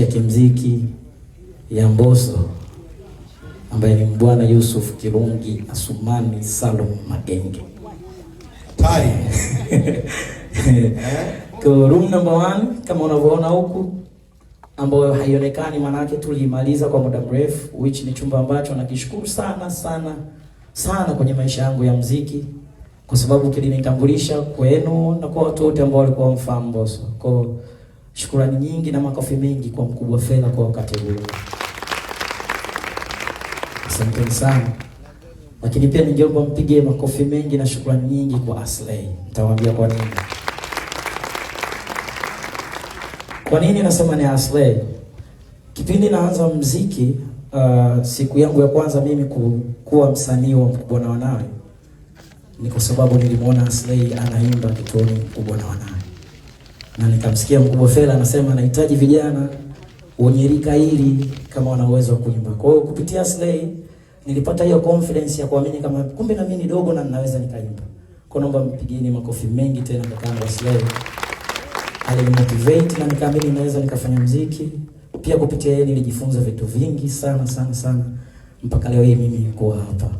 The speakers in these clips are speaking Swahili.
ya kimziki ya Mbosso ambaye ni Mbwana Yusuf Kirungi Asumani Salum Magenge tari kwa room number one, kama unavyoona huku, ambayo haionekani manake tulimaliza kwa muda mrefu, which ni chumba ambacho nakishukuru sana sana sana kwenye maisha yangu ya mziki, kwa sababu kilinitambulisha kwenu na kwa watu wote ambao walikuwa wamfahamu Mbosso kwa Shukrani nyingi na makofi mengi kwa mkubwa Fella kwa wakati huu. Asanteni sana. Lakini pia ningeomba mpige makofi mengi na shukrani nyingi kwa Aslay. Nitawaambia kwa nini. Kwa nini nasema ni Aslay? Kipindi naanza mziki, uh, siku yangu ya kwanza mimi ku, kuwa msanii wa Mkubwa na Wanawe ni kwa sababu nilimwona Aslay anaimba kituoni Mkubwa na Wanawe na nikamsikia mkubwa Fela anasema anahitaji vijana wenye rika hili kama wana uwezo wa kuimba. Kwa hiyo kupitia Slay nilipata hiyo confidence ya kuamini kama kumbe na mimi ni dogo na ninaweza nikaimba. Kwa naomba mpigieni makofi mengi tena kwa kakaangu Slay. Alinimotivate na nikaamini naweza nikafanya mziki. Pia kupitia yeye nilijifunza vitu vingi sana sana sana mpaka leo hii mimi niko hapa.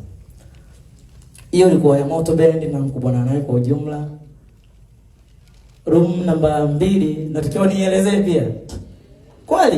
Hiyo ilikuwa ya Moto Band na mkubwa naye kwa ujumla room namba mbili, natakiwa nielezee pia kweli.